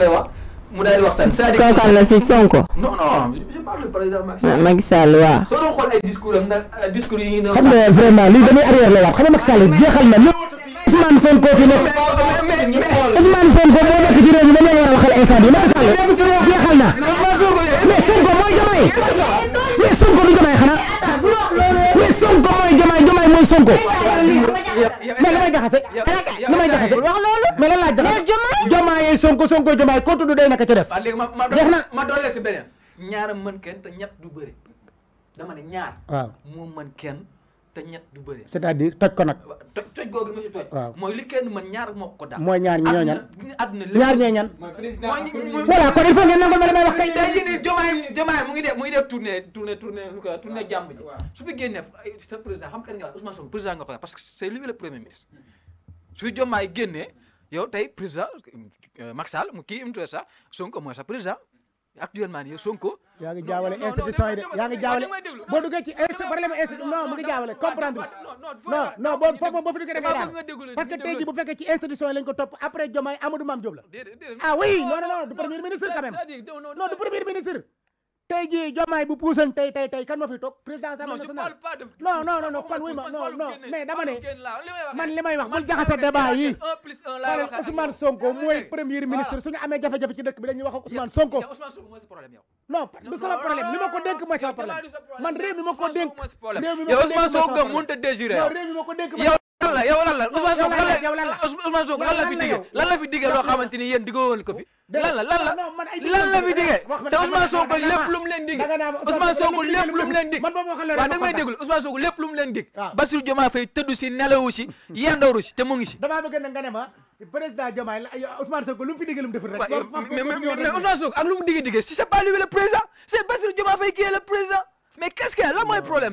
lay wax mu daal di wax sànni. c'est-à-dire kooku am na si Sonko. non non je parle président Macky Sall. Macky Sall waaw. soo doon xool ay discours am nag euh, discours yi ñu. xam nga vraiment lii dañuy arrière la waat xam nga Macky Sall jeexal na lépp. Ousmane Sonko fi nekk. Ousmane Sonko moo nekk ci réew mi dañoo war a waxal instant bi Macky Sall jeexal na. mais Sonko mooy Diomaye. mais Sonko du Diomaye xanaa. mais Sonko mooy Diomaye Diomaye mooy Sonko. mais lu may jaxase lu may jaxase wax loolu mais lan laa jaxase jomaay jomaay sonko sonko jomaay ko tudd day naka ca des léegi ma ma doole si beneen ñaara mën kenn te ñett du bëri dama ne ñaar waaw moo kenn te ñett du bëri. c'est-à-dire toj ko nag. toj toj googu nga mooy li kenn mën ñaar moo ko daal. mooy ñaar ñi ñoo ñan àdduna ñaar ñee ñan. voilà kon il faut ma wax kay. tey jii mu ngi def mu ngi def tournée tournée tournée tournée jàmm ji. su fi génnee sa président xam kan nga yow tey président euh, Macky Sall mu kii mu tuddee sax Sonko mooy sa président. actuellement nii Sonko. yaa ngi jaawale institution yi de yaa ngi jaawale boo duggee ci problème institution non mu ngi jaawale comprendre non boo foofu moom boo fi duggee da ngay daal parce que fekkee ci institution yi lañ ko topp après Diomaye Amadou Mame Diop la ah oui non non du premier ministre quand même du premier ministre tey jii jomaay bu puusan tey tey tey kan ma fi toog président assemblée nationale non non non man li wax bul jaxase débat yi xoolal Ousmane Sonko mooy premier ministre suñu amee jafe-jafe ci dëkk bi dañuy wax ak Sonko non du sama problème li ko dénk mooy sama problème man réew mi ma ko dénk réew mi ma ko dénk mooy sama problème yow Ousmane Sonko mënut a déjurer yow réew mi ma ko dénk lan la fi diggee lan fi diggee loo xamante ni yéen diggoo woon ko fi lan fi diggee te Ousmane Sonko lépp lu mu leen digg Ousmane Sonko lépp lu mu leen digg waaw da ngay déglu Ousmane Sonko lépp lu mu leen digg Bassirou Diomaye si nelawu si hmm. yendooru si te mu ngi si damaa bëgg nag nga ne ma président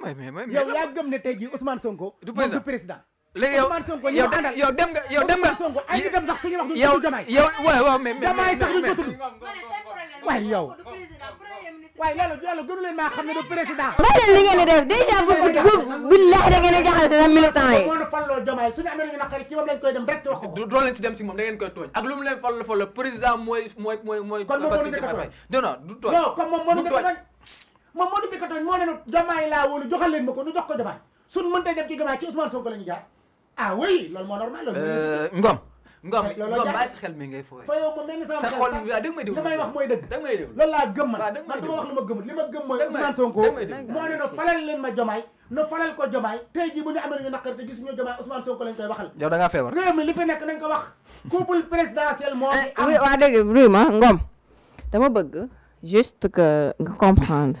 mais mais yow yaa gëm ne tey jii Ousmane Sonko. du président du président. léegi yow yow dem nga yow dem nga Sonko ay nitam sax suñu wax du tudd Diomaye yow waaw waaw mais mais Diomaye sax duñ ko tudd waaye yow waaye loolu yàlla gënu leen maa xam ne du président bàyyi li ngeen di def déjà bu bu billahi da ngeen a jaxase sax militant yi moom falloo Diomaye suñu amee ñu naqari ci moom lañ koy dem rek wax ko doo leen ci dem si moom da ngeen koy tooñ ak lu mu leen fallo fallo président mooy mooy mooy mooy kon moom mënu nga tooñ non non du tooñ non comme moom mënu nga tooñ moom moo dugg katoñ moo ne jamaay laa wóolu joxal leen ma ko nu jox ko jamaay suñ mënta dem ci jamaay ci Ousmane Sonko la jaar ah oui loolu moo normal loolu euh, ngom ngom ngom bàyyi sa xel mi ngay fooy fa yow moom mel ni sama xol li may wax mooy dëgg da ngay déglu loolu laa gëm man man du ma wax lu ma gëmul li ma gëm mooy Ousmane Sonko moo ne no falal leen ma jomaay no falal ko jomaay tey jii bu ñu amee ñu naqar te gis ñu jomaay Ousmane Sonko lañ koy waxal yow da ngaa feebar réew mi li fi nekk nañ ko wax couple présidentiel moo fi eh, am waa dégg Ngom dama bëgg juste que nga comprendre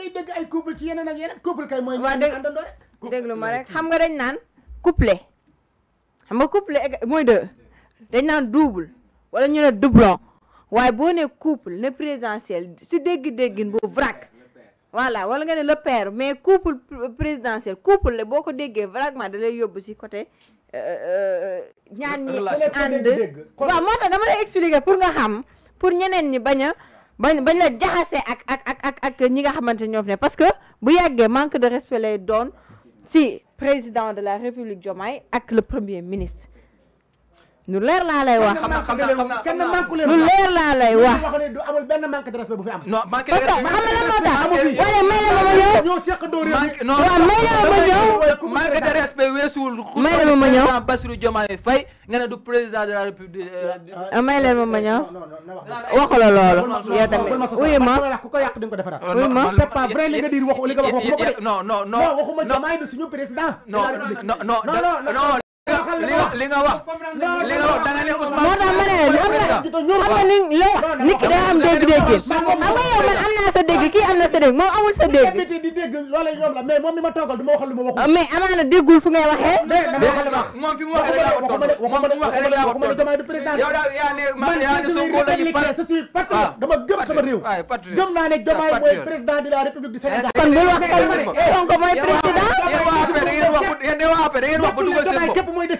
ngay dégg ay couple ci yeneen ak yeneen couple kay mooy waaw dégg àndandoo ma rek xam nga dañ naan couple xam nga couple mooy deux dañ naan double wala ñu ne doublon waaye boo ne couple ne présidentiel si dégg-déggin bu vrac voilà wala nga ne le père mais couple présidentiel couple la boo ko déggee vraiment da lay yóbbu si côté euh, euh, euh, ñaan ñi ànd waaw moo tax dama lay expliquer pour nga xam pour ñeneen ñi baña bañ la jaxasee ak ak ak ak ak ñi nga xamante ñoo fi parce que bu yàggee manque de respect lay doon si président de la république Diomaye ak le premier ministre lu leer laa lay wax kenn manque leen lu leer laa lay wax wax ne fi am non manque de respect parce que xam nga lan moo may la ma ma ñëw ñoo seqandoo réew mi waaw may la ma ma ñëw de respect may la ma ma ñëw Bassirou Diomaye Faye nga ne du tamit uyu ma ku ma waxal li nga wax li nga wax da nga ne Ousmane moo tax ma ne am na xam nga ni yow nit ki day am dégg-dégg xam nga yow man am naa dégg kii am na dégg moom amul sa dégg di dégg loolu ñoom la mais moom mi ma ma waxal lu ma waxul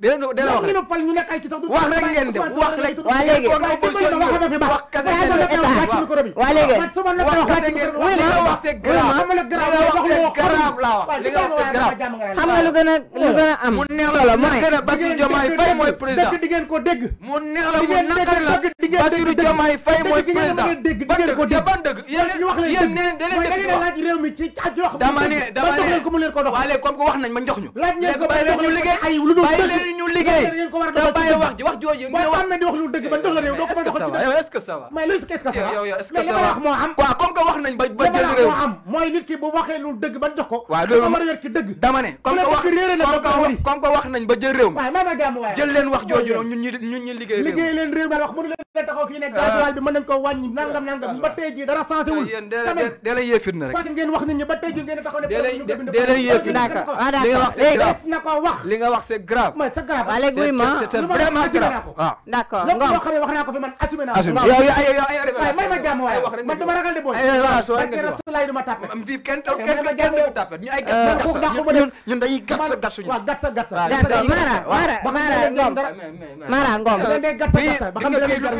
dina dina wax rek fal ñu nekk ay sax wax rek ngeen def wax rek waa léegi wax kase ngeen def waa léegi wax kase ngeen wax li nga wax c'est grave li nga wax c'est grave laa wax li nga wax c'est grave xam nga lu gën a lu gën a am solo mooy Bassirou Diomaye Faye mooy président di ngeen ko dégg mu neex la mu naqari la Bassirou Diomaye Faye mooy président ban dëgg yéen neen da leen def laaj réew mi ci dama ne dama ne waa léegi comme ko wax nañ ma njox ñu léegi bàyyi leen ñu liggéey bàyyi ñu liggéey da bàyyi wax ji wax jooju mooy am di wax lu dëgg ba jox la réew doo ko dox ci est-ce que ça va mais est-ce que ça va yow yow est-ce que ça va moo am waaw comme que wax nañ ba ba jël réew am mooy nit ki bu waxee lu dëgg ba jox ko waaw loolu mën a yor ci dëgg dama ne comme que wax comme que wax nañ ba jël réew mi jël leen wax jooju ñun ñi ñun ñi liggéey liggéey leen réew mi wax mënu leen da taxaw fii ne ah. gasoil bi mën nañ ko wàññi ah. nangam nangam ba tey jii dara changé wul ah, ñu eh, ay gatsa eh, ñun gatsa gatsuñu waaw gatsa gatsa d'accord Mara Mara Ngom Mara Ngom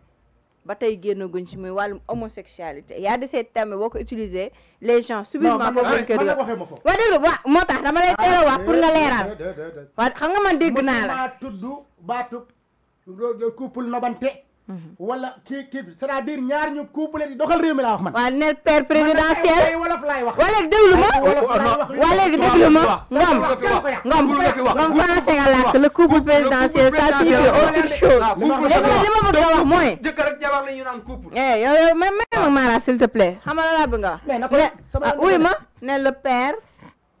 ba tey génnaguñ ci muy walum homosexualité y a de ces termes boo utiliser les gens subitement foofu lañ koy wa waaw déglu waaw dama lay teel a wax pour nga ah, léral wa xam nga man dégg na la tudd baatu couple nobante Mhm. wala kii kii bi cest à ñaar ñu couple di doxal réew mi laa wax man. waaw nel père présidentiel wolof laay wax. wala déglu ma wala ma ngom ngom ngom français nga couple présidentiel ça signifie autre chose. Ah, léegi man li ma bëgg a wax mooy. jëkkër eh, ma ma Mara s'il ah, le père.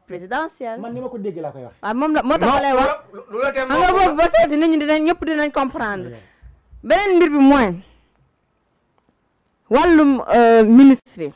présidentielle man ni ma ko dégg laa koy wax. waaw ah, moom la moo tax lay wax. lu la tee nga boobu ba tey nit ñi dinañ ñëpp dinañ comprendre. beneen mbir bi mooy wàllum euh, ministre